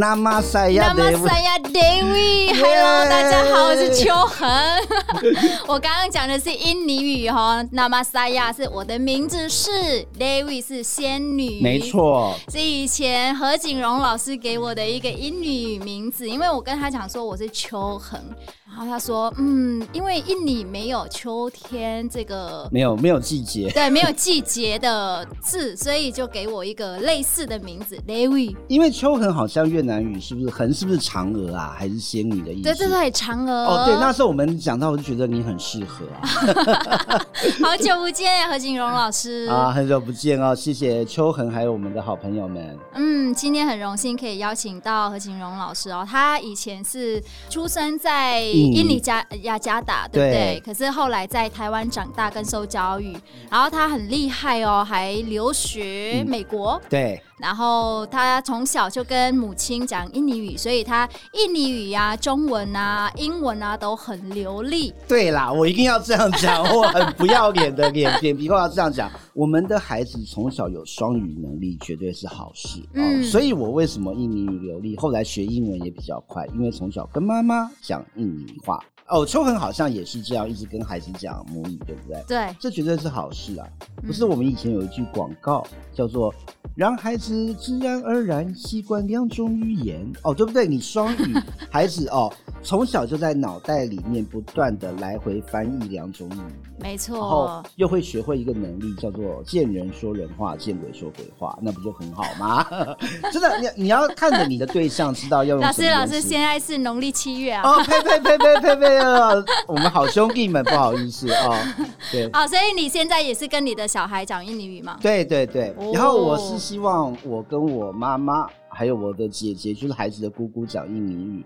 Nama saya Dewi，Hello，yeah. 大家好，我是秋恆。 我剛剛講的是印尼語哈，Nama saya 是我的名字是 Dewi，是仙女，沒錯，是以前何景榮老師給我的一個印尼語名字，因為我跟他講說我是秋恆，然後他說嗯，因為印尼沒有秋天這個，沒有沒有季節，對，沒有季節的字， 所以就給我一個類似的名字 Dewi，因為秋恆好像越南。男女是不是恆？是不是嫦娥啊？還是仙女的意思？對，對，對，這是嫦娥。哦，對，那時候我們講到，我就覺得你很適合啊。 好久不見，何景榮老師啊！很久不見哦，謝謝秋恆，還有我們的好朋友們。嗯，今天很榮幸可以邀請到何景榮老師哦。他以前是出生在印尼加、嗯、雅加達，對不對，對？可是後來在台灣長大跟受教育，然後他很厲害哦，還留學美國。嗯、對。然後他從小就跟母親講印尼語，所以他印尼語啊、中文啊、英文啊都很流利。對啦，我一定要這樣講， 我很不要臉的臉臉皮厚 要這樣講。我們的孩子從小有雙語能力，絕對是好事。嗯。哦，所以，我為什麼印尼語流利，後來學英文也比較快，因為從小跟媽媽講印尼話。哦，秋恆好像也是這樣，一直跟孩子講母語，對不對？對，這絕對是好事啊！不是我們以前有一句廣告、嗯、叫做“讓孩子自然而然習慣兩種語言”，哦，對不對？你雙語 孩子哦，從小就在腦袋裡面不斷的來回翻譯兩種語言，沒錯，哦，又會學會一個能力叫做“見人說人話，見鬼說鬼話”，那不就很好嗎？ 真的，你你要看着你的對象 知道要用。老師，老師，現在是農曆七月啊！哦，呸呸呸呸呸呸！呃呃呃呃呃呃 我們好兄弟們，不好意思啊、 哦，對啊、哦，所以你現在也是跟你的小孩講印尼語嗎？對對對，然後我是希望我跟我媽媽、哦、還有我的姐姐，就是孩子的姑姑講印尼語，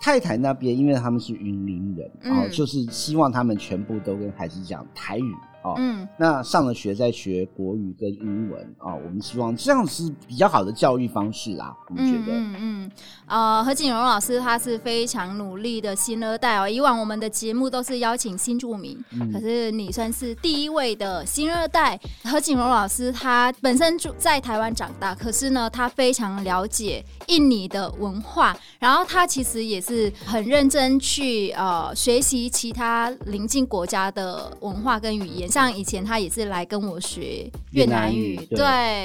太太那邊因為他們是雲林人，啊、嗯哦，就是希望他們全部都跟孩子講台語。哦，嗯，那上了學再學國語跟英文啊、哦，我們希望這樣是比較好的教育方式啦。我們覺得，嗯嗯，啊、嗯呃，何景榮老師他是非常努力的新二代哦。以往我們的節目都是邀請新住民、嗯，可是你算是第一位的新二代。何景榮老師他本身住在台灣長大，可是呢，他非常了解印尼的文化，然後他其實也是很認真去呃學習其他鄰近國家的文化跟語言。像以前他也是來跟我學越南語，越南語對。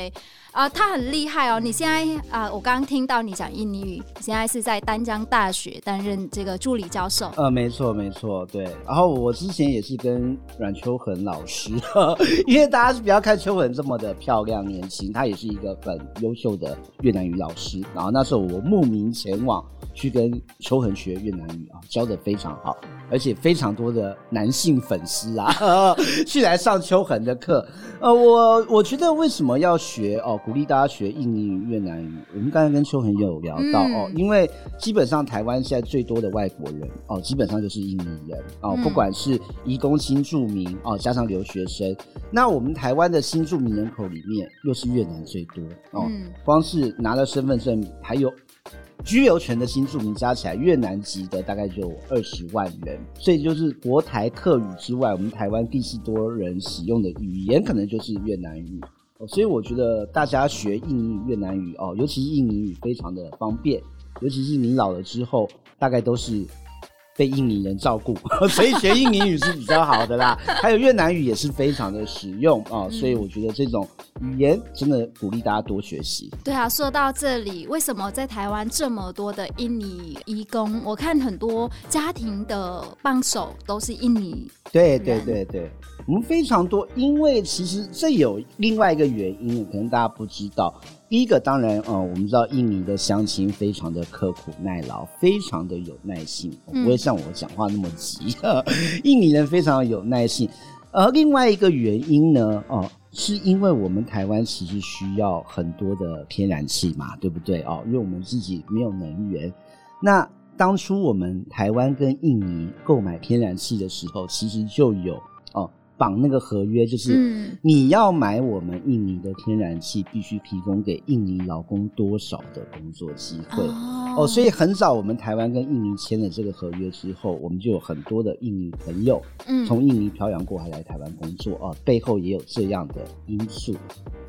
對。啊、哦，他很厲害哦！你現在啊、呃，我剛剛聽到你講印尼語，你現在是在淡江大學擔任這個助理教授。呃，沒錯，沒錯，對。然後我之前也是跟阮秋恆老師呵，因為大家是不要看秋恆這麼的漂亮年輕，他也是一個很優秀的越南語老師。然後那時候我慕名前往去跟秋恆學越南語啊，教得非常好，而且非常多的男性粉絲啊呵去來上秋恆的課。呃，我我覺得為什麼要學哦？鼓勵大家學印尼語、越南語。我們剛才跟秋恆有聊到、嗯、哦，因為基本上台灣現在最多的外國人哦，基本上就是印尼人哦、嗯，不管是移工、新住民哦，加上留學生。那我們台灣的新住民人口裡面，又是越南最多哦、嗯。光是拿了身份證、還有居留權的新住民加起來，越南籍的大概就二十萬人。所以就是國台客語之外，我們台灣第四多人使用的語言，可能就是越南語。哦，所以我覺得大家學印尼語、越南語哦，尤其是印尼語非常的方便，尤其是你老了之後，大概都是被印尼人照顧， 所以學印尼語是比較好的啦。 還有越南語也是非常的實用啊、嗯哦，所以我覺得這種語言真的鼓勵大家多學習。對啊，說到這裡，為什麼在台灣這麼多的印尼移工？我看很多家庭的幫手都是印尼。對對對對，我們非常多，因為其實這有另外一個原因，可能大家不知道。第一個當然，呃、哦，我們知道印尼的鄉親非常的刻苦耐勞，非常的有耐性，嗯、不會像我講話那麼急、啊。印尼人非常有耐性，而另外一個原因呢，哦，是因為我們台灣其實需要很多的天然氣嘛，對不對？哦，因為我們自己沒有能源。那當初我們台灣跟印尼購買天然氣的時候，其實就有。綁那個合約，就是、嗯、你要買我們印尼的天然氣，必須提供給印尼勞工多少的工作機會哦，哦。所以很早我們台灣跟印尼簽了這個合約之後，我們就有很多的印尼朋友從、嗯、印尼漂洋過海來台灣工作啊、哦，背後也有這樣的因素。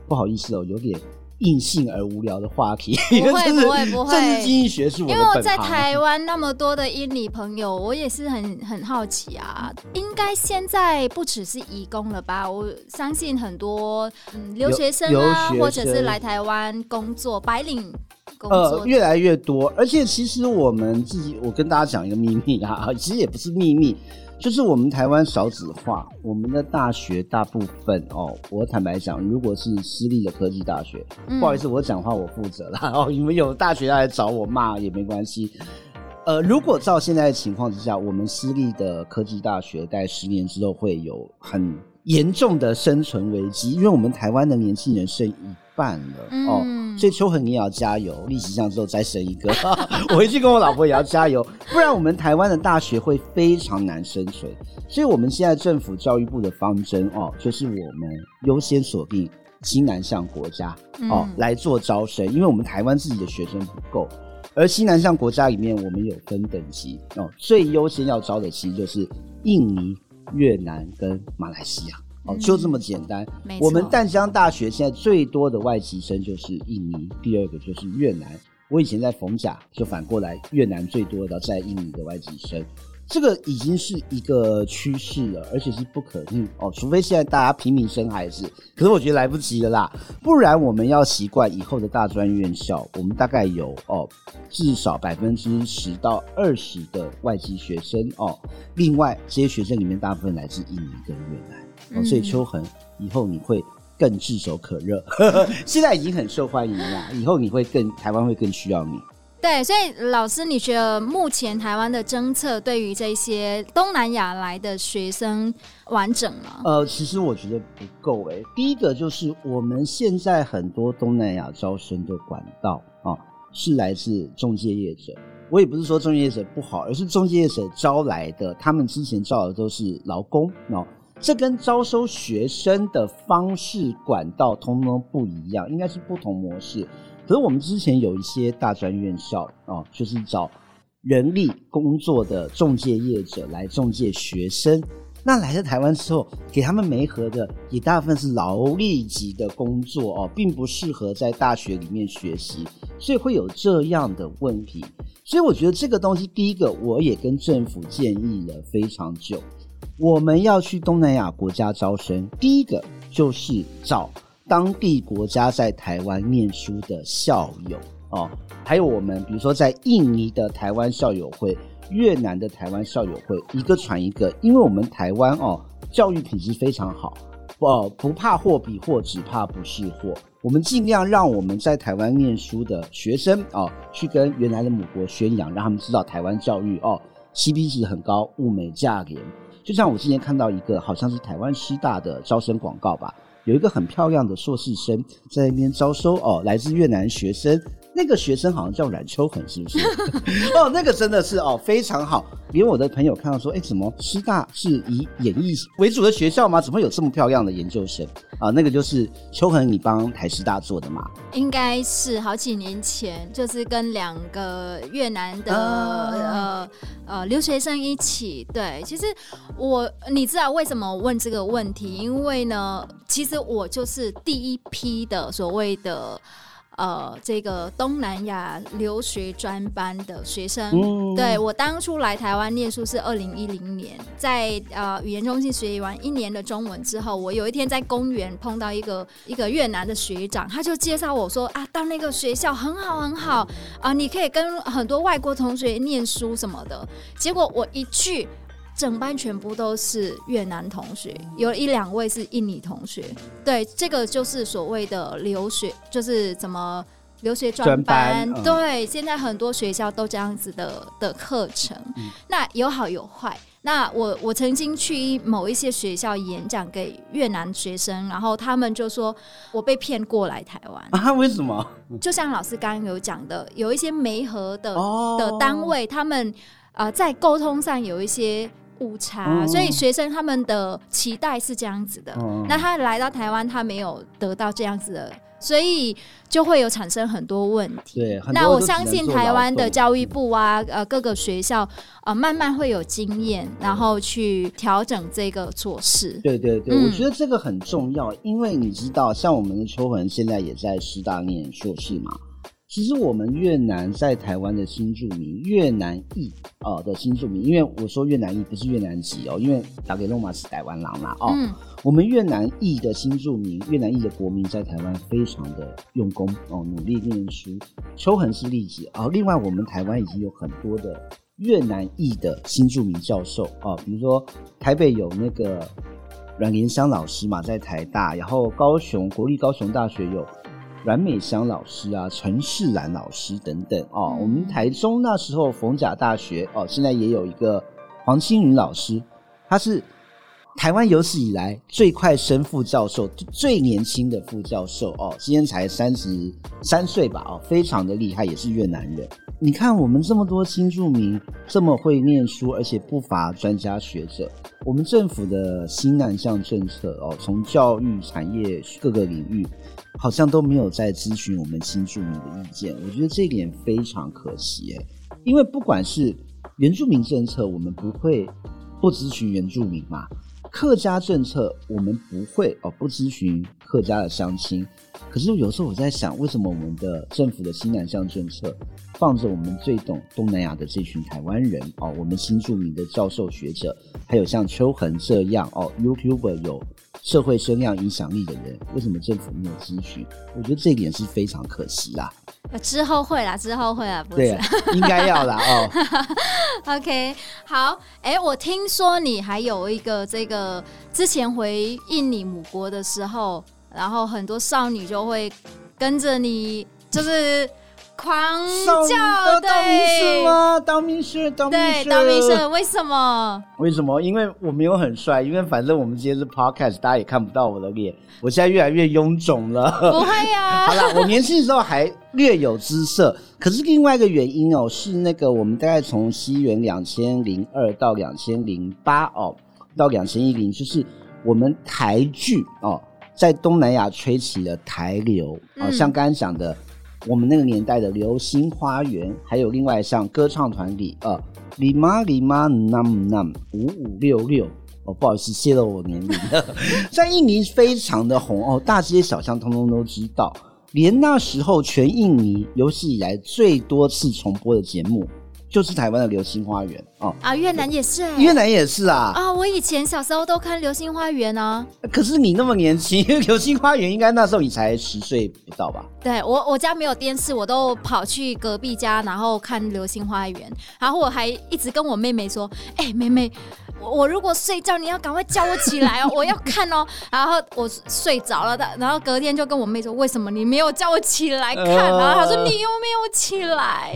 不好意思哦，有點。硬性而無聊的話題，不會， 不會，不會，政治經濟學是我的本行啊。因為我在台灣那麼多的印尼朋友，我也是很很好奇啊。應該現在不只是移工了吧？我相信很多、嗯、留學生啊、學生，或者是來台灣工作白領，呃、工作，越來越多。而且其實我們自己，我跟大家講一個祕密啊，其實也不是祕密。就是我們台灣少子化，我們的大學大部分哦，我坦白講，如果是私立的科技大學，嗯、不好意思，我講話我負責了哦，你們有大學要來找我罵也沒關係，呃，如果照現在的情況之下，我們私立的科技大學在十年之後會有很，嚴重的生存危機，因為我們台灣的年輕人剩一半了、嗯、哦，所以秋恆你也要加油，力氣上之後再生一個， 我回去跟我老婆也要加油， 不然我們台灣的大學會非常難生存。所以我們現在政府教育部的方針哦，就是我們優先鎖定新南向國家哦、嗯、來做招生，因為我們台灣自己的學生不夠，而新南向國家裡面我們有分等級哦，最優先要招的其實就是印尼。越南跟馬來西亞，嗯，哦，就這麼簡單。我們淡江大學現在最多的外籍生就是印尼，第二個就是越南。我以前在逢甲，就反過來越南最多的在印尼的外籍生。這個已經是一個趨勢了，而且是不可逆哦。除非現在大家平民生孩子，可是我覺得來不及了啦。不然我們要習慣以後的大專院校，我們大概有哦至少百分之十到二十的外籍學生哦。另外，這些學生裡面大部分來自印尼跟越南哦，所以邱恆以後你會更炙手可熱，呵呵，現在已經很受歡迎了啦，以後你會更，台灣會更需要你。對，所以老師，你覺得目前台灣的政策對於這些東南亞來的學生完整嗎？呃，其實我覺得不夠誒。第一個就是我們現在很多東南亞招生的管道，啊，哦，是來自中介業者。我也不是說中介業者不好，而是中介業者招來的，他們之前招的都是勞工哦，這跟招收學生的方式管道通通不一樣，應該是不同模式。可是，我們之前有一些大專院校啊、哦，就是找人力工作的中介業者來中介學生。那來到台灣之後，給他們媒合的也大部分是勞力級的工作哦，並不適合在大學裡面學習，所以會有這樣的問題。所以，我覺得這個東西，第一個，我也跟政府建議了非常久，我們要去東南亞國家招生，第一個就是找。當地國家在台灣念書的校友哦，還有我們，比如說在印尼的台灣校友會、越南的台灣校友會，一個傳一個。因為我們台灣哦，教育品質非常好，哦，不怕貨比貨，或只怕不識貨。我們盡量讓我們在台灣念書的學生啊、哦，去跟原來的母國宣揚，讓他們知道台灣教育哦，CP 值很高，物美價廉。就像我之前看到一個，好像是台灣師大的招生廣告吧。有一個很漂亮的碩士生在那邊招收哦，來自越南學生。那個學生好像叫阮秋恆，是不是？ 哦，那個真的是哦，非常好。連我的朋友看到說：“哎、欸，怎麼師大是以演藝為主的學校嗎？怎麼有這麼漂亮的研究生？”啊、呃，那個就是秋恆，你幫台師大做的嗎？應該是好幾年前，就是跟兩個越南的、啊、呃呃留學生一起。對，其實我你知道為什麼問這個問題？因為呢，其實我就是第一批的所謂的。呃，這個東南亞留學專班的學生，oh. 對，我當初來台灣念書是二零一零年，在呃語言中心學習完一年的中文之後，我有一天在公園碰到一個一個越南的學長，他就介紹我說啊，到那個學校很好很好，啊、呃，你可以跟很多外國同學念書什麼的。結果我一去。整班全部都是越南同學，有一兩位是印尼同學。對，這個就是所謂的留學，就是怎麼留學專班，班、嗯。對，現在很多學校都這樣子的的課程、嗯。那有好有壞。那我我曾經去某一些學校演講給越南學生，然後他們就說：“我被騙過來台灣啊？”為什麼？就像老師剛剛有講的，有一些媒合的的單位，哦、他們啊、呃、在溝通上有一些。誤、嗯、差，所以學生他們的期待是這樣子的。嗯、那他來到台灣，他沒有得到這樣子的，所以就會有產生很多問題。對，那我相信台灣的教育部啊，呃、嗯，各個學校啊、呃，慢慢會有經驗，然後去調整這個措施。對對對、嗯，我覺得這個很重要，因為你知道，像我們的邱恆現在也在師大念碩士嘛。其實我們越南在台灣的新住民越南裔啊的新住民，因為我說越南裔不是越南籍哦，因為打給羅馬是台灣人嘛、嗯、哦。我們越南裔的新住民、越南裔的國民在台灣非常的用功哦，努力念書，秋恆是例子哦。另外，我們台灣已經有很多的越南裔的新住民教授哦，比如說台北有那個阮蓮香老師嘛，在台大，然後高雄國立高雄大學有。阮美香老師啊，陳世蘭老師等等哦，我們台中那時候逢甲大學哦，現在也有一個黃青雲老師，他是台灣有史以來最快升副教授，最年輕的副教授哦，今年才三十三歲吧哦，非常的厲害，也是越南人。你看我們這麼多新住民，這麼會念書，而且不乏專家學者，我們政府的新南向政策哦，從教育產業各個領域。好像都沒有在諮詢我們新住民的意見，我覺得這一點非常可惜、欸。因為不管是原住民政策，我們不會不諮詢原住民嘛；客家政策，我們不會哦不諮詢客家的鄉親。可是有時候我在想，為什麼我們的政府的新南向政策，放着我們最懂東南亞的這群臺灣人哦，我們新住民的教授學者，還有像邱恆這樣哦，YouTuber 有。社會聲量、影響力的人，為什麼政府沒有諮詢？我覺得這一點是非常可惜啦。之後會啦，之後會啦，不對、啊，應該要啦。 哦，OK，好，哎、欸，我聽說你還有一個這個，之前回印尼母國的時候，然後很多少女就會跟着你，就是、嗯。狂叫是對，當明星，當明星，當兵當明星，為什麼？為什麼？因為我沒有很帥，因為反正我們今天是 podcast，大家也看不到我的臉。我現在越來越臃腫了，不會啊？ 好了，我年輕的時候還略有姿色， 可是另外一個原因哦，是那個我們大概從西元兩千零二到兩千零八哦，到兩千一零，就是我們台劇哦，在東南亞吹起了台流好、哦嗯、像剛剛講的。我們那個年代的《流星花園》，還有另外像歌唱團裡，呃，lima lima num num 五五六六，哦，不好意思，洩露我年齡， 在印尼非常的紅哦，大街小巷通通都知道，連那時候全印尼有史以來最多次重播的節目。就是台灣的《流星花園》啊。哦、啊，越南也是啊、欸，越南也是啊啊、哦！我以前小時候都看《流星花園》啊。可是你那麼年輕，《流星花園》應該那時候你才十歲不到吧？對，我，我家沒有電視，我都跑去隔壁家，然後看《流星花園》，然後我還一直跟我妹妹說：“哎、欸，妹妹。”我如果睡覺，你要趕快叫我起來哦， 我要看哦。然後我睡着了，然後隔天就跟我妹說：“為什麼你沒有叫我起來看？”呃，然後她說：“你又沒有起來。”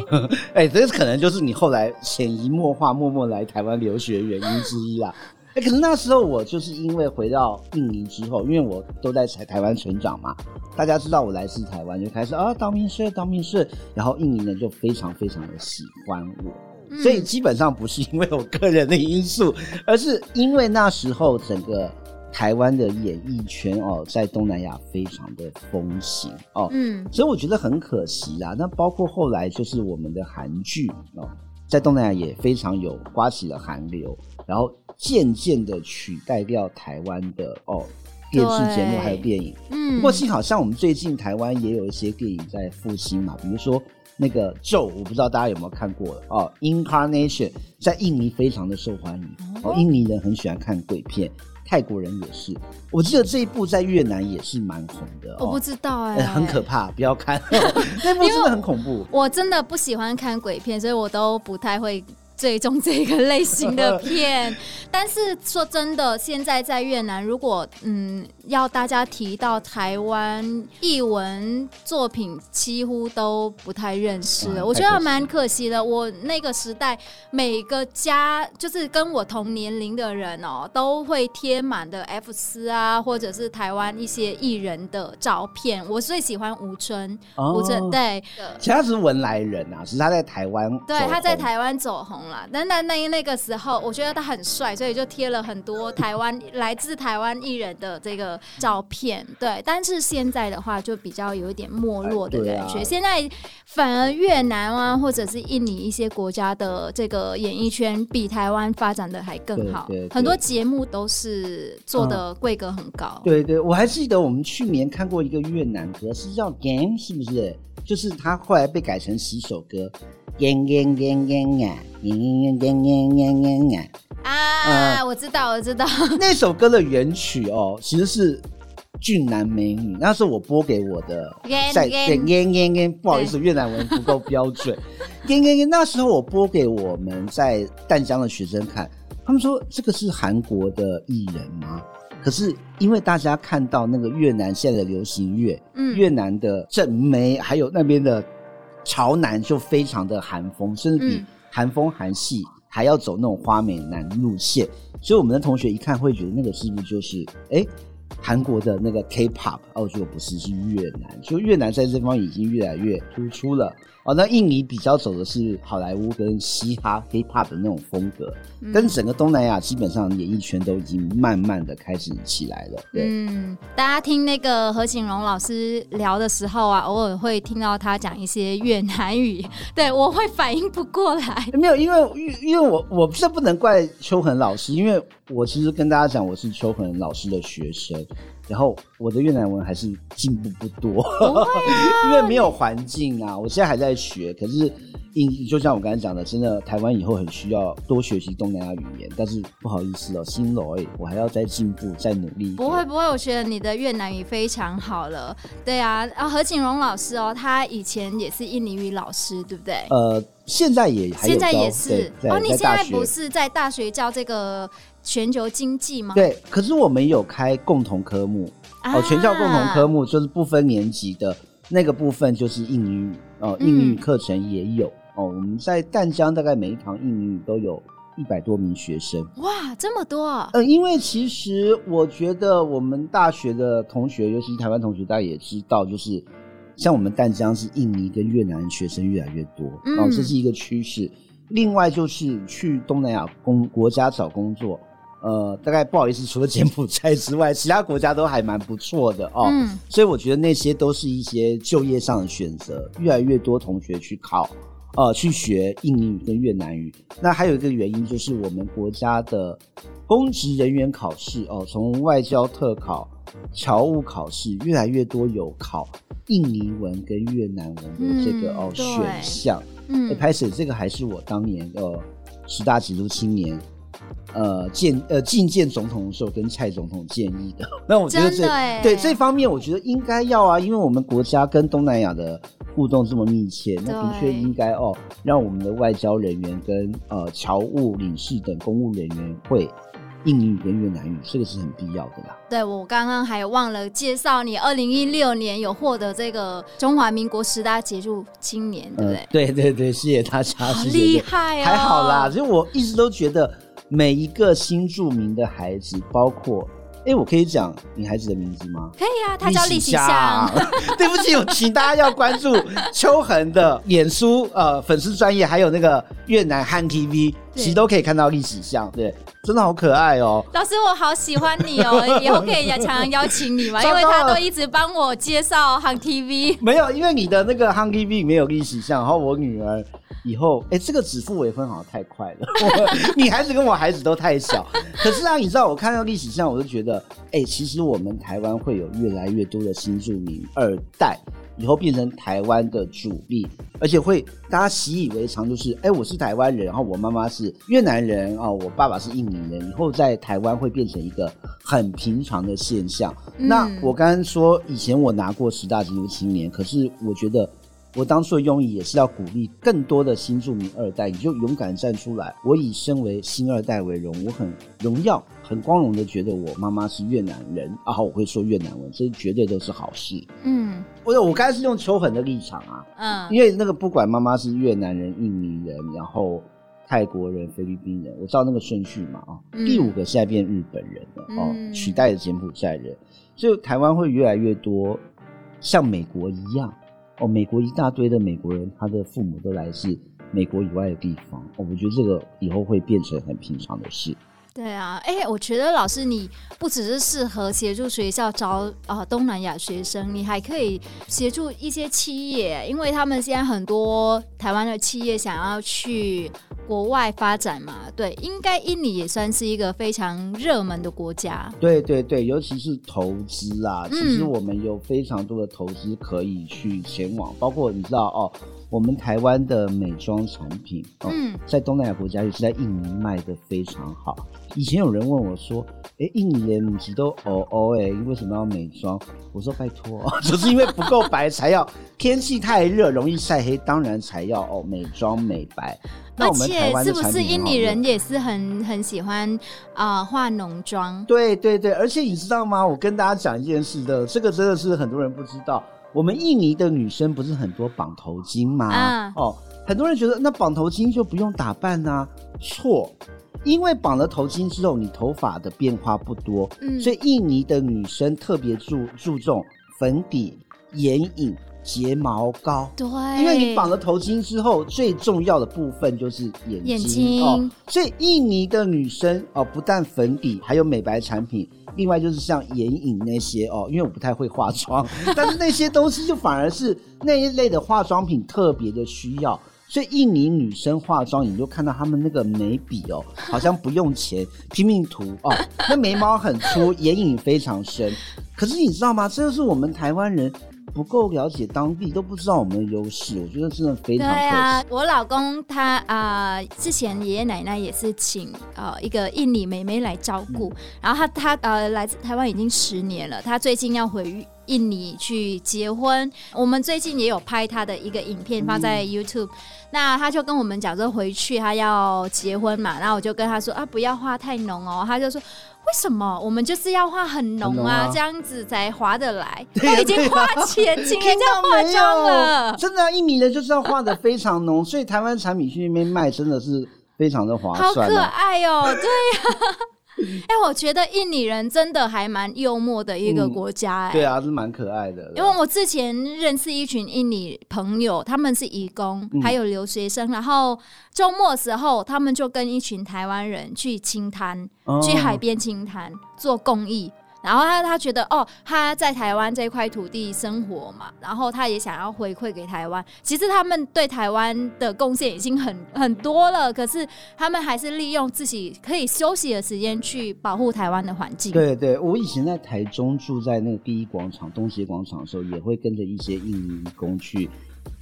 欸，哎，這可能就是你後來潛移默化、默默來台灣留學的原因之一啊。哎、 欸，可是那時候我就是因為回到印尼之後，因為我都在台台灣成長嘛，大家知道我來自台灣，就開始啊當兵睡，當兵睡。然後印尼人就非常非常的喜歡我。所以基本上不是因為我個人的因素，嗯，而是因為那時候整個台灣的演藝圈哦，在東南亞非常的風行哦。嗯，所以我覺得很可惜啦。那包括後來就是我們的韓劇哦，在東南亞也非常有，刮起了韓流，然後漸漸的取代掉台灣的哦電視節目還有電影。嗯，不過幸好像我們最近台灣也有一些電影在復興嘛，比如說。那個咒，我不知道大家有沒有看過了哦，《Incarnation》在印尼非常的受歡迎，哦，印尼人很喜歡看鬼片，泰國人也是。我記得這一部在越南也是蠻紅的，哦，我不知道哎，欸欸，很可怕，不要看 那部真的很恐怖。我真的不喜歡看鬼片，所以我都不太會。最終這個類型的片， 但是說真的，現在在越南，如果嗯要大家提到台灣藝文作品，幾乎都不太認識了，我覺得蠻可惜的可惜。我那個時代，每個家就是跟我同年齡的人哦、喔，都會貼滿的 F4 啊，或者是台灣一些藝人的照片。我最喜歡吳尊，吳、哦、尊對，其他是，是文萊人啊，是他在台灣，對他在台灣走紅了。等等那那個時候，我覺得他很帥，所以就貼了很多台灣 來自台灣藝人的這個照片。對，但是現在的話就比較有一點沒落的感覺，哎啊。現在反而越南啊，或者是印尼一些國家的這個演藝圈比台灣發展的還更好，對對對，很多節目都是做的規格很高。嗯、對，對對，我還記得我們去年看過一個越南歌，是叫 Game，是不是？就是他後來被改成十首歌，啊、呃，我知道，我知道，那首歌的原曲哦，其實是俊男美女。那時候我播給我的，在在，不好意思，越南文不夠標準 原原，那時候我播給我們在淡江的學生看，他們說這個是韓國的藝人嗎？可是因為大家看到那個越南現在的流行樂、嗯，越南的正妹還有那邊的潮男，就非常的韓風，甚至比韓風韓系還要走那種花美男路線，所以我們的同學一看會覺得那個是不是就是哎，韓國的那個 K-pop？哦，就不是，是越南。就越南在這方已經越來越突出了。哦，那印尼比較走的是好萊塢跟嘻哈、hip hop 的那種風格，嗯、跟整個東南亞基本上演藝圈都已經慢慢的開始起來了。對。嗯，大家聽那個何景榮老師聊的時候啊，偶爾會聽到他講一些越南語，對，我會反應不過來。欸、沒有，因為因為我，我我這不能怪秋恆老師，因為我其實跟大家講，我是秋恆老師的學生。然後我的越南文還是進步不多不，啊， 因為沒有環境啊。我現在還在學，可是印就像我剛才講的，真的台灣以後很需要多學習東南亞語言，但是不好意思哦，新羅誒，我還要再進步，再努力。不會不會，我覺得你的越南語非常好了。對啊，啊何景榮老師哦，他以前也是印尼語老師，對不對？呃，現在也還現在也是對在哦，你現在不是在大學教這個？全球經濟嗎？對，可是我們有開共同科目、啊、哦，全校共同科目就是不分年級的那個部分，就是印尼語哦，英語課程也有、嗯、哦。我們在淡江大概每一堂印尼語都有一百多名學生，哇，這麼多！嗯、呃，因為其實我覺得我們大學的同學，尤其是台灣同學，大家也知道，就是像我們淡江是印尼跟越南學生越來越多、嗯、哦，這是一個趨勢。另外就是去東南亞工國家找工作。呃，大概不好意思，除了柬埔寨之外，其他國家都還蠻不錯的哦。嗯，所以我覺得那些都是一些就業上的選擇，越來越多同學去考，呃，去學印尼語跟越南語。那還有一個原因就是我們國家的公職人員考試哦，從外交特考、僑務考試，越來越多有考印尼文跟越南文的這個哦選項。嗯，拍、哦、攝、嗯欸、這個還是我當年的、呃、十大傑出青年。呃，見呃覲見總統的時候，跟蔡總統建議的。那我覺得這對這方面，我覺得應該要啊，因為我們國家跟東南亞的互動這麼密切，那的確應該哦，讓我們的外交人員跟呃僑務領事等公務人員會印尼語跟越南語，這個是很必要的啦。對，我剛剛還忘了介紹你，二零一六年有獲得這個中華民國十大傑出青年，對不對，嗯？對對對，謝謝大家，謝謝，好厲害哦，啊。還好啦。其實我一直都覺得。每一個新住民的孩子，包括，哎、欸，我可以講你孩子的名字嗎？可以啊，他叫歷史相。 對不起，有其他要關注秋姮的臉書，呃，粉絲專業，還有那個越南 Hang TV，其實都可以看到歷史相。對，真的好可愛哦。老師，我好喜歡你哦，以後可以也 OK, 常常邀請你嘛，因為他都一直幫我介紹 Hang TV。沒有，因為你的那個 Hang TV 沒有歷史相，然後我女兒。以後，哎，這個指腹為婚好像太快了，你 孩子跟我孩子都太小。可是啊，你知道，我看到歷史上，我就覺得，哎，其實我們台灣會有越來越多的新住民二代，以後變成台灣的主力，而且會大家習以為常，就是，哎，我是台灣人，然後我媽媽是越南人，啊、哦，我爸爸是印尼人，以後在台灣會變成一個很平常的現象。嗯、那我剛剛說，以前我拿過十大傑出青年，可是我覺得。我當初的用意也是要鼓勵更多的新住民二代，你就勇敢站出來。我以身為新二代為榮，我很榮耀、很光榮的覺得我媽媽是越南人，然、啊、後我會說越南文，這絕對都是好事。嗯，我我剛才是用求粉的立場啊，嗯，因為那個不管媽媽是越南人、印尼人，然後泰國人、菲律賓人，我知道那個順序嘛啊、哦嗯，第五個現在變日本人了，哦、嗯，取代了柬埔寨人，所以台灣會越來越多像美國一樣。哦，美國一大堆的美國人，他的父母都來自美國以外的地方。哦，我覺得這個以後會變成很平常的事。對啊，哎、欸，我覺得老師你不只是適合協助學校招啊東南亞學生，你還可以協助一些企業，因為他們現在很多台灣的企業想要去國外發展嘛。對，應該印尼也算是一個非常熱門的國家。對對對，尤其是投資啊，其實我們有非常多的投資可以去前往，嗯、包括你知道哦。我們台灣的美妝產品，嗯、哦，在東南亞國家，尤其是在印尼賣的非常好。以前有人問我說：“哎、欸，印尼人皮都黝黝，哎，為什麼要美妝？”我說拜託：“拜、哦、托，就是因為不夠白才要， 天氣太熱容易曬黑，當然才要哦美妝美白。”那我們台灣是不是印尼人也是很很喜歡啊、呃、化濃妝？對對對，而且你知道嗎？我跟大家講一件事的，這個真的是很多人不知道。我們印尼的女生不是很多綁頭巾嗎？Uh. 哦，很多人覺得那綁頭巾就不用打扮啊，錯，因為綁了頭巾之後，你頭髮的變化不多。嗯，所以印尼的女生特別注注重粉底、眼影。睫毛膏，對，因為你綁了頭巾之後，最重要的部分就是眼睛，眼睛哦，所以印尼的女生哦，不但粉底，還有美白產品，另外就是像眼影那些哦，因為我不太會化妝，但是那些東西就反而是那一類的化妝品特別的需要，所以印尼女生化妝，你就看到他們那個眉筆哦，好像不用錢 拼命塗哦，那眉毛很粗， 眼影非常深，可是你知道嗎？這就是我們台灣人。不夠了解當地，都不知道我們的優勢，我覺得真的非常可惜。對啊，我老公他啊、呃，之前爺爺奶奶也是請啊、呃、一個印尼妹妹來照顧、嗯，然後他他呃來自台灣已經十年了，他最近要回印尼去結婚，我們最近也有拍他的一個影片，放在 YouTube，嗯。那他就跟我們講，說回去他要結婚嘛，然後我就跟他說啊，不要化太濃哦。他就說為什麼？我們就是要化很濃啊，這樣子才划得來。對呀，他已經花錢請人家化妝了，真的，印尼的就是要化的非常濃， 所以台灣產品去那邊賣真的是非常的划算，啊。好可愛哦，對呀，啊。 哎， 我覺得印尼人真的還蠻幽默的一個國家，哎，對啊，是蠻可愛的。因為，我之前認識一群印尼朋友，他們是移工，還有留學生，然後周末時候，他們就跟一群台灣人去淨灘，去海邊淨灘做公益。然後他他覺得哦，他在台灣這塊土地生活嘛，然後他也想要回饋給台灣。其實他們對台灣的貢獻已經很很多了，可是他們還是利用自己可以休息的時間去保護台灣的環境。對，對，對我以前在台中住在那個第一廣場、東協廣場的時候，也會跟着一些印尼工去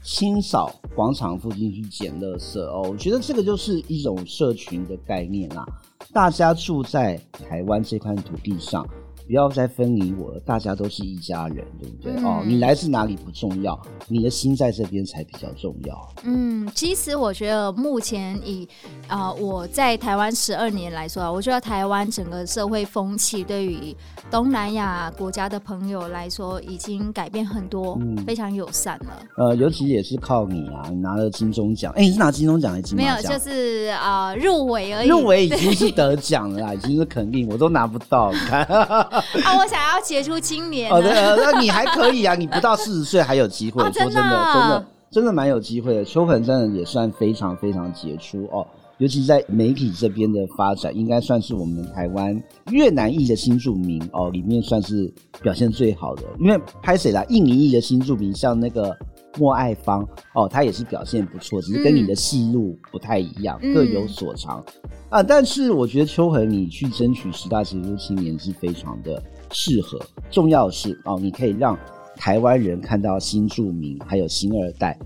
清掃廣場附近去撿垃圾哦。我覺得這個就是一種社群的概念啦、啊，大家住在台灣這塊土地上。不要再分離我了，大家都是一家人，對不對？嗯，哦，你來自哪裡不重要，你的心在這邊才比較重要。嗯，其實我覺得目前以啊，我在台灣十二年來說，我覺得台灣整個社會風氣對於東南亞國家的朋友來說，已經改變很多，嗯，非常友善了。呃，尤其也是靠你啊，你拿了金鐘獎。哎，欸，你是拿金鐘獎已經沒有，就是啊，呃、入圍而已。入圍已經是得獎了啦，已經是肯定，我都拿不到。你看 啊，我想要傑出青年。哦，對，啊，那，啊、你還可以啊，你不到四十歲還有機會， 啊啊。說真的，真的，真的蠻有機會的。邱恆真的也算非常非常傑出哦。尤其是在媒體這邊的發展，應該算是我們台灣越南裔的新住民哦，裡面算是表現最好的。因為拍謝啦，印尼裔的新住民，像那個莫愛芳哦，她也是表現不錯，只是跟你的戲路不太一樣，嗯、各有所長、嗯、啊。但是我覺得秋恆，你去爭取十大傑出青年是非常的適合。重要的是哦，你可以讓台灣人看到新住民還有新二代，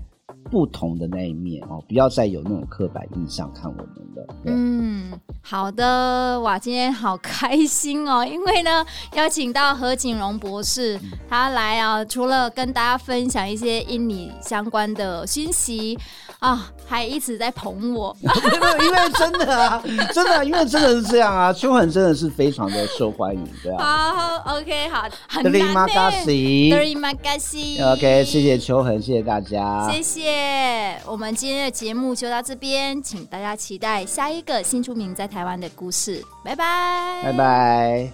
不同的那一面哦，不要再有那種刻板印象看我們。Okay. 嗯，好的哇，今天好開心哦，因為呢，邀請到何景榮博士，他來啊，除了跟大家分享一些印尼相關的訊息啊，還一直在捧我， 因為真的啊，真的、啊、因為真的是這樣啊， 秋恆真的是非常的受歡迎，對啊，好，好，好，OK，好，很。林瑪卡西，o k 謝謝秋恆，謝謝大家，謝謝，我們今天的節目就到這邊，請大家期待。下一個新出名在台灣的故事，拜拜，拜拜。